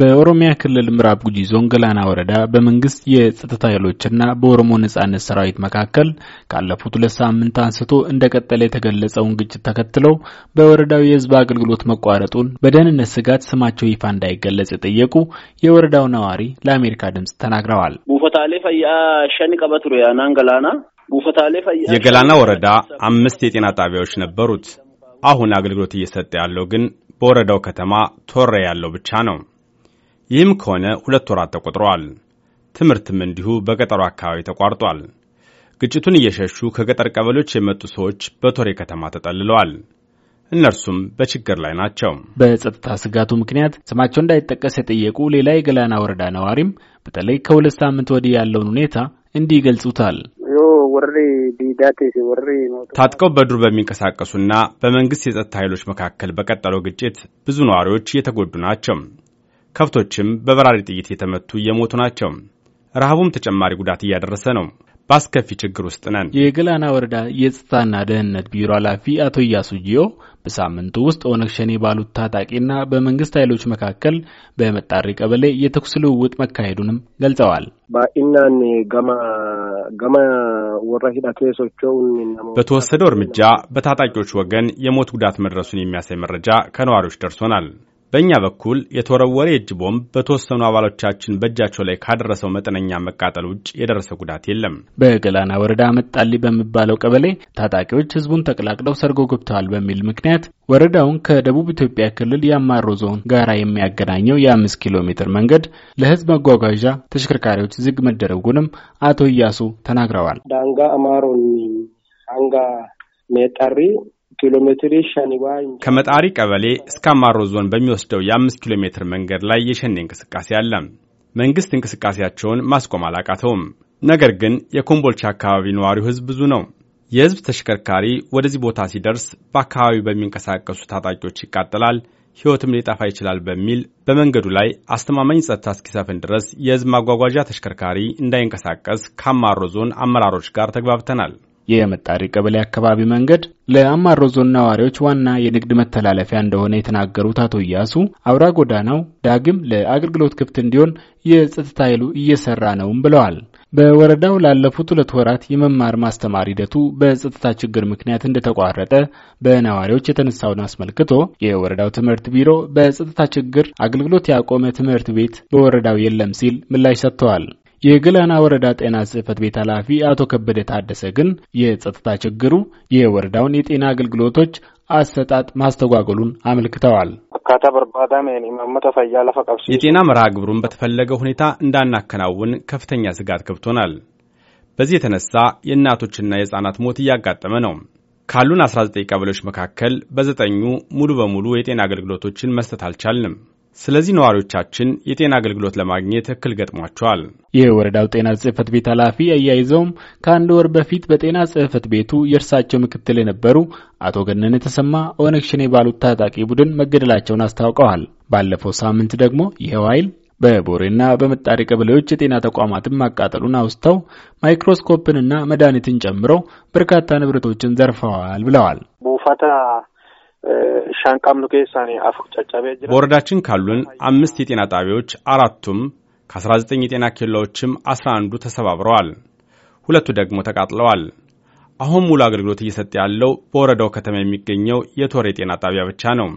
በኦሮሚያ ክልል ምዕራብ ጉጂ ዞን ገላና ወረዳ በመንግስት የጸጥታ ኃይሎችና በኦሮሞ ነጻነት ሰራዊት መካከል ካለፉት ሁለት ሳምንት አንስቶ እንደቀጠለ የተገለጸውን ግጭት ተከትለው በወረዳው የህዝብ አገልግሎት መቋረጡን በደህንነት ስጋት ስማቸው ይፋ እንዳይገለጽ የጠየቁ የወረዳው ነዋሪ ለአሜሪካ ድምጽ ተናግረዋል። ቡፈታሌ ፈያ ሸኒ ያናን ገላና ቡፈታሌ ፈያ የገላና ወረዳ አምስት የጤና ጣቢያዎች ነበሩት። አሁን አገልግሎት እየሰጠ ያለው ግን በወረዳው ከተማ ቶሬ ያለው ብቻ ነው። ይህም ከሆነ ሁለት ወራት ተቆጥረዋል። ትምህርትም እንዲሁ በገጠሩ አካባቢ ተቋርጧል። ግጭቱን እየሸሹ ከገጠር ቀበሌዎች የመጡ ሰዎች በቶሬ ከተማ ተጠልለዋል። እነርሱም በችግር ላይ ናቸው። በጸጥታ ስጋቱ ምክንያት ስማቸው እንዳይጠቀስ የጠየቁ ሌላ የገላና ወረዳ ነዋሪም በተለይ ከሁለት ሳምንት ወዲህ ያለውን ሁኔታ እንዲህ ይገልጹታል። ታጥቀው በዱር በሚንቀሳቀሱና በመንግስት የጸጥታ ኃይሎች መካከል በቀጠለው ግጭት ብዙ ነዋሪዎች እየተጎዱ ናቸው። ከብቶችም በበራሪ ጥይት የተመቱ እየሞቱ ናቸው። ረሃቡም ተጨማሪ ጉዳት እያደረሰ ነው። በአስከፊ ችግር ውስጥ ነን። የገላና ወረዳ የጸጥታና ደህንነት ቢሮ ኃላፊ አቶ እያሱ ጂዮ በሳምንቱ ውስጥ ኦነግ ሸኔ ባሉት ታጣቂና በመንግስት ኃይሎች መካከል በመጣሪ ቀበሌ የተኩስ ልውውጥ መካሄዱንም ገልጸዋል። በተወሰደው እርምጃ በታጣቂዎች ወገን የሞት ጉዳት መድረሱን የሚያሳይ መረጃ ከነዋሪዎች ደርሶናል። በእኛ በኩል የተወረወረ የእጅ ቦምብ በተወሰኑ አባሎቻችን በእጃቸው ላይ ካደረሰው መጠነኛ መቃጠል ውጭ የደረሰ ጉዳት የለም። በገላና ወረዳ መጣሊ በሚባለው ቀበሌ ታጣቂዎች ህዝቡን ተቀላቅለው ሰርጎ ገብተዋል በሚል ምክንያት ወረዳውን ከደቡብ ኢትዮጵያ ክልል የአማሮ ዞን ጋራ የሚያገናኘው የአምስት ኪሎ ሜትር መንገድ ለህዝብ መጓጓዣ ተሽከርካሪዎች ዝግ መደረጉንም አቶ እያሱ ተናግረዋል። ዳንጋ አማሮኒ አንጋ ሜጠሪ ከመጣሪ ቀበሌ እስከ አማሮ ዞን በሚወስደው የአምስት ኪሎ ሜትር መንገድ ላይ የሸኔ እንቅስቃሴ አለ። መንግስት እንቅስቃሴያቸውን ማስቆም አላቃተውም። ነገር ግን የኮምቦልቻ አካባቢ ነዋሪው ህዝብ ብዙ ነው። የህዝብ ተሽከርካሪ ወደዚህ ቦታ ሲደርስ በአካባቢው በሚንቀሳቀሱ ታጣቂዎች ይቃጠላል፣ ሕይወትም ሊጠፋ ይችላል በሚል በመንገዱ ላይ አስተማማኝ ጸጥታ እስኪሰፍን ድረስ የህዝብ ማጓጓዣ ተሽከርካሪ እንዳይንቀሳቀስ ከአማሮ ዞን አመራሮች ጋር ተግባብተናል። የመጣሪ ቀበሌ አካባቢ መንገድ ለአማሮ ዞን ነዋሪዎች ዋና የንግድ መተላለፊያ እንደሆነ የተናገሩት አቶ እያሱ አውራ ጎዳናው ዳግም ለአገልግሎት ክፍት እንዲሆን የጸጥታ ኃይሉ እየሰራ ነውም ብለዋል። በወረዳው ላለፉት ሁለት ወራት የመማር ማስተማር ሂደቱ በጸጥታ ችግር ምክንያት እንደተቋረጠ በነዋሪዎች የተነሳውን አስመልክቶ የወረዳው ትምህርት ቢሮ በጸጥታ ችግር አገልግሎት ያቆመ ትምህርት ቤት በወረዳው የለም ሲል ምላሽ ሰጥተዋል። የገላና ወረዳ ጤና ጽህፈት ቤት ኃላፊ አቶ ከበደ ታደሰ ግን የጸጥታ ችግሩ የወረዳውን የጤና አገልግሎቶች አሰጣጥ ማስተጓጎሉን አመልክተዋል። የጤና መርሃ ግብሩን በተፈለገ ሁኔታ እንዳናከናውን ከፍተኛ ስጋት ገብቶናል። በዚህ የተነሳ የእናቶችና የሕፃናት ሞት እያጋጠመ ነው። ካሉን 19 ቀበሌዎች መካከል በዘጠኙ ሙሉ በሙሉ የጤና አገልግሎቶችን መስጠት አልቻልንም። ስለዚህ ነዋሪዎቻችን የጤና አገልግሎት ለማግኘት እክል ገጥሟቸዋል። የወረዳው ጤና ጽህፈት ቤት ኃላፊ አያይዘውም ከአንድ ወር በፊት በጤና ጽህፈት ቤቱ የእርሳቸው ምክትል የነበሩ አቶ ገነን የተሰማ ኦነግ ሸኔ ባሉት ታጣቂ ቡድን መገደላቸውን አስታውቀዋል። ባለፈው ሳምንት ደግሞ ይኸው ኃይል በቦሬና በመጣሪ ቀበሌዎች የጤና ተቋማትን ማቃጠሉን አውስተው ማይክሮስኮፕንና መድኃኒትን ጨምሮ በርካታ ንብረቶችን ዘርፈዋል ብለዋል። ሻንቃምኑ ኬሳኔ አፉ ጨጨቤ በወረዳችን ካሉን አምስት የጤና ጣቢያዎች አራቱም ከ19 የጤና ኬላዎችም 11ዱ ተሰባብረዋል፣ ሁለቱ ደግሞ ተቃጥለዋል። አሁን ሙሉ አገልግሎት እየሰጠ ያለው በወረዳው ከተማ የሚገኘው የቶር የጤና ጣቢያ ብቻ ነው።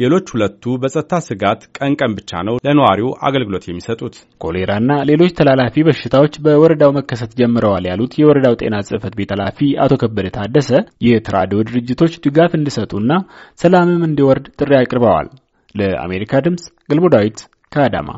ሌሎች ሁለቱ በጸጥታ ስጋት ቀን ቀን ብቻ ነው ለነዋሪው አገልግሎት የሚሰጡት። ኮሌራና ሌሎች ተላላፊ በሽታዎች በወረዳው መከሰት ጀምረዋል ያሉት የወረዳው ጤና ጽህፈት ቤት ኃላፊ አቶ ከበደ ታደሰ የተራድኦ ድርጅቶች ድጋፍ እንዲሰጡና ሰላምም እንዲወርድ ጥሪ አቅርበዋል። ለአሜሪካ ድምፅ ገልሞ ዳዊት ከአዳማ